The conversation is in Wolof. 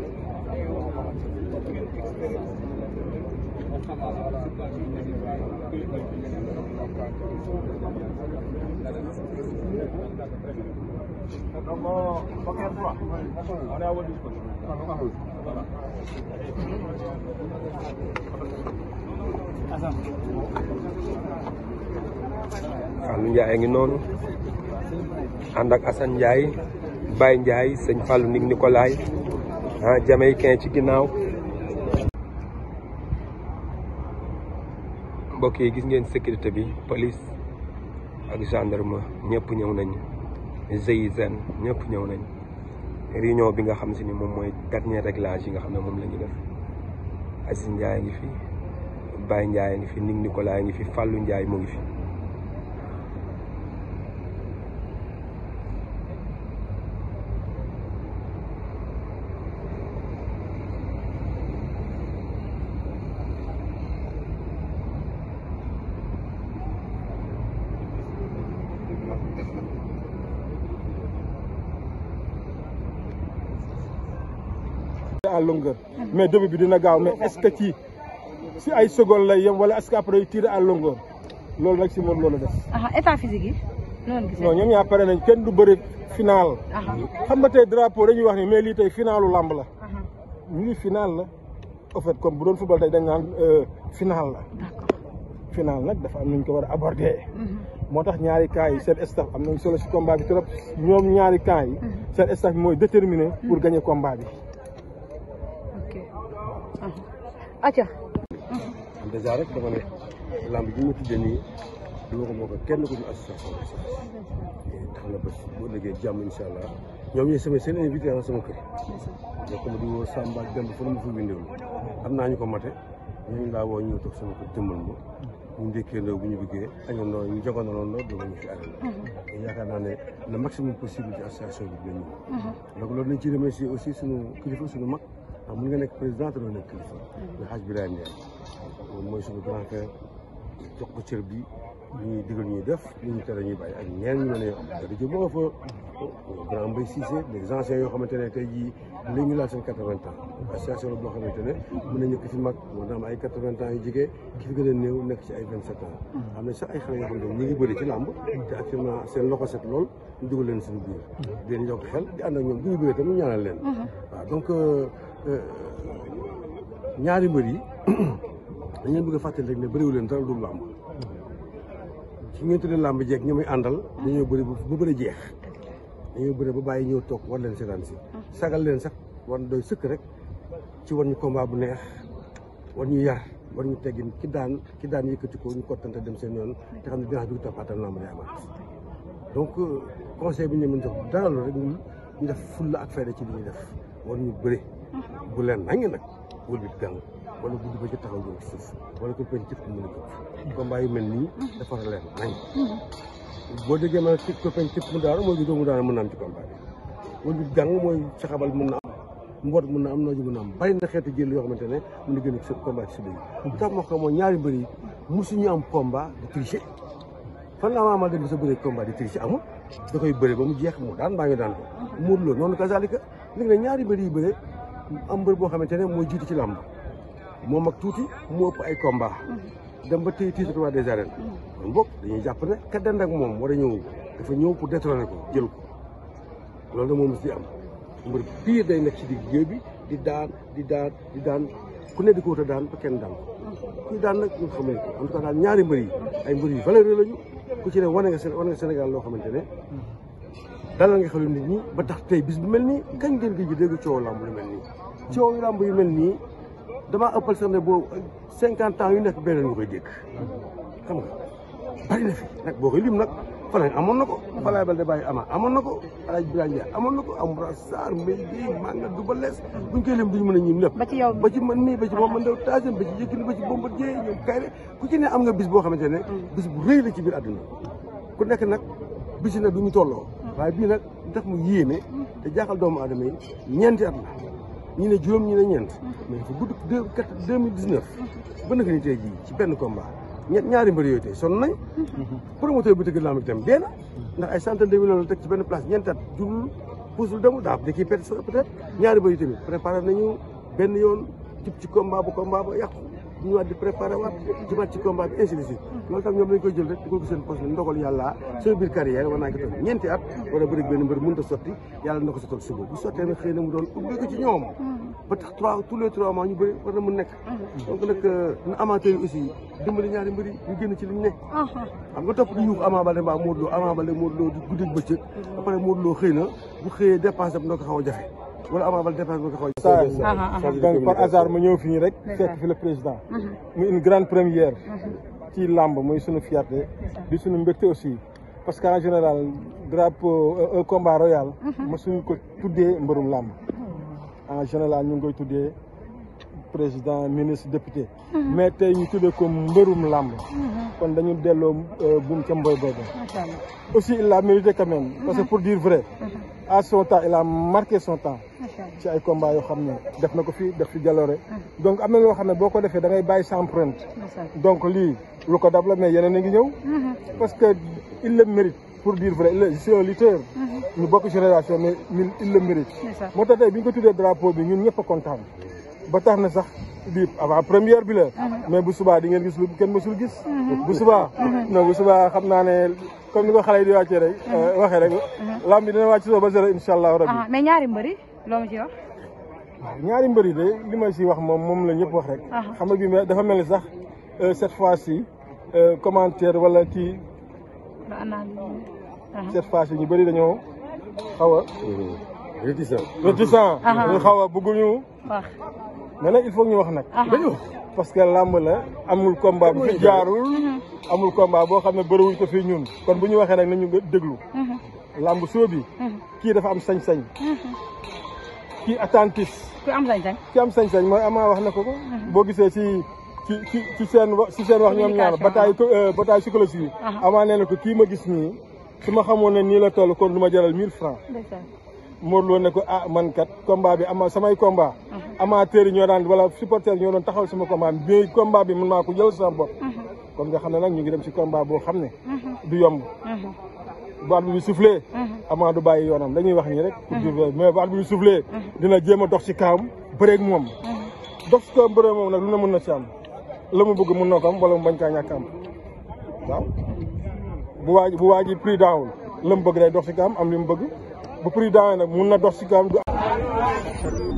Fallou Ndiaye a ngi noonu ànd ak Assane Ndiaye Baye Ndiaye sëñ Fallou Nick Nicolaï ah jamaïcain ci ginnaaw mbokk yi gis ngeen sécurité bi police ak gendarme ñëpp ñëw nañ GIGN ñëpp ñëw nañ réunion bi nga xam si ni moom mooy dernier réglage yi nga xam ne moom la def def Aziz Ndiaye ngi fi Baye a ngi fi Nick Nicolas ngi fi Fallou njaay mu ngi fi en longueur mais début bi dina gaaw mais est que ci si ay secondes lay yem wala est-ce que après tiré en longueur loolu nag si moom loolu des. état physique noonu ñaa pare nañ kenn du bëri final. xam nga tey drapeau dañuy wax ni mais lii tey finalu làmb la. ñu final la en comme bu doon football tey dañ naan euh, la. final nag dafa am ko war a mhm. moo tax ñaari camps yi seen staff am nañ solo si combat ñoom ñaari camps yi. Mhm. seen mooy déterminé pour mhm. gagner combat acca mmh. dèjà rek dama ne lamb bi ma tuddee nii du ma ko moo ko kenn ko ñu association bi tax na ba boo liggéey jàmm incha allah ñoom ñooy sama seen invité na ah sama kër donc ma di woo Samba Demba fa am naa ñu ko mate ñooñu laa woo ñu toog sama kër jëmmal ma ñu ndékkee ndaw bu ñu bëggee añandoo ñu jogandoo noonu ñu fi arrêté mmh. yaakaar naa ne le maximum possible ci association bi dina ñëw mmh. donc loolu nañ ci remercier aussi suñu kilifa suñu mag waaw mën nga nekk président te doo nekk kilifa muy xaaj bi laay ndeel moom mooy suñu grand frère jox ko cër bi li ñuy digal ñuy def li ñu tere ñuy bàyyi ak ñeen ñu ne am dara jëm moo fa grand Mbaye Cissé des anciens yoo xamante ne tey jii li ñu laal seen quatre-vingts ans association la boo xamante ne mën nañu ko fi mag war na am ay quatre-vingts ans yu jege ki fi gën a néew nekk ci ay vingt-sept ans am na sax ay xale yoo xam ne ñu ngi bëri ci làmb te actuellement seen loxo set lool ñu dugal leen suñu biir di leen yokk xel di ànd ak ñoom bu ñu bëree tamit ñaanal leen mm-hmm. waaw donc euh, Euh, ñaari mbër yi dañ leen bëgg a fàttali rek ne bëriwu leen dara du làmb ci ngeen tuddee làmb jeeg ñi àndal dañoo bëri ba bëri jeex dañoo bëri ba bàyyi ñëw toog war leen seetaan si sagal leen sax war doy sëkk rek ci war ñu combat bu neex war ñu yar war ñu teggin ki daan ki daan yëkkati ko ñu kottante dem seen yoon te xam ne dinaa dugg tapaatam làmb day amaat donc euh, conseil bi ñu mën jox dara rek ñu def fulla ak fayda ci li ñuy def war ñu bëri bu leen nangi nag wël bi di wala guddi ba ci taxaw jëm ci suuf wala ko pen cëf ko mën a jóg combat yu mel nii dafa leen nañ boo déggee man ci ko pen cëf mooy ju doomu daanu mën na ci combat bi wël bi di gàll mooy saxabal mën na am mboot na am nooju mën na am bari na xeetu jël yoo xamante ne mën na gën a combat ci suba yi tax ma ko mooy ñaari mbër yi musuñu am combat di tricher fan laa maamal dégg sa bëree combat di tricher amul da koy bëri ba mu jeex mu daan mbaa ñu daan ko loolu noonu kasaalika léegi ne ñaari mbër yi bëree am mbër boo xamante ne mooy jiitu ci làmb moom mag tuuti moo ëpp ay combat dem ba tey titre roi des arènes kon boog dañuy jàpp ne ka dend moom war a ñëw dafa ñëw pour détrôner ko jël ko loolu da moom si am mbër pire day nekk ci digg géew bi di daan di daan di daan ku ne di ko wut daan ba kenn daan ko ñu daan nag ñu xam ne en tout cas daal ñaari mbër yi ay mbër yu valeureux lañu ku ci ne wane nga nga Sénégal loo xamante ne dalal nga xelu nit ñi ba tax tey bis bu mel nii kañ ngeen ko ji dégg coow làmb lu mel nii coow làmb yu mel nii damaa ëppal sax ne boobu cinquante ans yu nekk beneen nga koy dégg xam nga bari na fi nag boo koy lim nag Falaay amoon na ko Falaay Baldé bàyyi ama amoon na ko Alaaj Birane Ndiaye amoon na ko Amoura Sarr Mbaye Guèye Manga du ba lees buñ koy lim duñu mën a ñim lépp ba ci yow ci man nii ba ci moom man daw tasen ba ci Yékini ba ci Bombardier ñoom kay rek ku ci ne am nga bis boo xamante ne mm. bis bu rëy la ci biir àdduna ku nekk nag bis yi nag duñu tolloo waaye bii nag tax mu yéeme te jaaxal doomu aadama yi ñeenti at la ñi ne juróom ñi ne ñeent mais fa gudd deux quatre deux mille dix neuf ba naka ni tey ci benn combat ñett ñaari mbër yooyu tey son nañ promoteur bi tëgg lamb bi tam dee na ndax ay centaine de millions la teg ci benn place ñeenti at jublul puusul demul daa da kii perte peut être ñaari mbër yi tamit préparé nañu benn yoon jub ci combat bu combat bu yàqu ñu war di préparer waat ci ci combat bi ainsi de suite loolu tax ñoom lañ koy jël rek dugal ko seen poche ndogal yàlla seen biir carrière war naa ko toog ñeenti at wala bëri benn mbër mënut a sotti yàlla na ko sottal suba bu sottee nag xëy na mu doon ubbeeku ci ñoom ba tax trois tous les trois mois ñu bëri war na mun nekk donc nag euh, na amateur yi dimbali ñaari mbëri ñu génn ci liñ ne xam nga topp di yuuf Ama Baldé mbaa Modou Lo ba pare Modou Lo xëy na bu xëyee dépassé bi noo ko xaw a wala Ama Baldé déplacement ko xooj. Ah, ah, ah. par hasard ma ñëw fii rek. fekk fi le président. une grande première. ci làmb mooy suñu fiarte di suñu mbégte aussi. parce que en général drapeau euh, un combat royal. ma suñu ko tuddee mbërum làmb. Oh. en général ñu ngi koy tuddee. président ministre député. Mhm. mais tey ñu tuddee ko mbërum làmb. Mhm. kon dañu delloo euh, buum ca mboy boobu. aussi il a mérité quand même. parce que mhm. pour dire vrai. à son temps il a marqué son temps. ci ay combat yoo xam ne def na ko fi def fi jaloore. donc am na loo xam ne boo ko defee da ngay bàyyi sa empreinte. donc lii lu ko dab la mais yeneen a ngi ñëw. parce que il le mérite pour dire vrai il c'est un lutteur. ñu bokk génération mais ñun il le mérite. moo tax tey bi ñu ko tuddee drapeau bi ñun ñëpp a ba tax na sax lii avant première bi la mhm. mais bu subaa di ngeen gis lu kenn mësul gis mhm. bu subaa mhm. non bu subaa xam naa ne comme ni ko xale yi di wàccee rek euh, waxee rek lamb bi dina wàcc soo ba zéro incha allah rabbi ah, mais ñaari mbëri loo ma ci wax ñaari mbëri de li ma si wax moom moom la ñëpp wax rek ah. xam nga bi dafa mel ni sax euh, cette fois ci euh, commentaire wala kii ah. cette fois ci ñu bëri dañoo xaw a réticent mais il faut ñu wax nag. Ah. dañu parce que làmb la amul combat bu jaarul. Mhm. amul combat boo xam ne bëriwuñ ko fii ñun. kon bu ñu waxee nag nañu nga déglu. Mhm. làmb soo bi mhm. kii dafa am sañ-sañ. kii attentif. ki am sañ-sañ. sañ-sañ mooy amaa wax na ko ko. boo gisee si ci ci ci seen ci seen wax ñoom ñaar bataille euh, bataille psychologique yi. Ama nee na ko kii ma gis nii su ma xamoon ne nii la toll kon nu ma jaral 1000 francs Modou Lo ne ko ah man kat combat bi ama samay combat mhm. amateur yi ñoo daan wala supporter ñoo doon taxaw sama combat bi combat bi man maa ko jël sama bopp mhm. kon nga xam ne nag ñu ngi dem si combat boo xam ne mhm. du yomb bu arbitre bi soufflé ama du bàyyi yoonam dañuy wax nii rek pour mais bu arbitre bi soufflé dina jéem a dox si kawam bëreeg moom dox ci kawam bëreeg moom nag lu ne mën na ci am la mu bugg mun na ko am wala mu bañ kaa ñàkk waaw bu waaj bu waaj yi prix daawul la mu bëgg dox ci kawam am li mu bëgg bu prix daanee nag mun na dox si kawam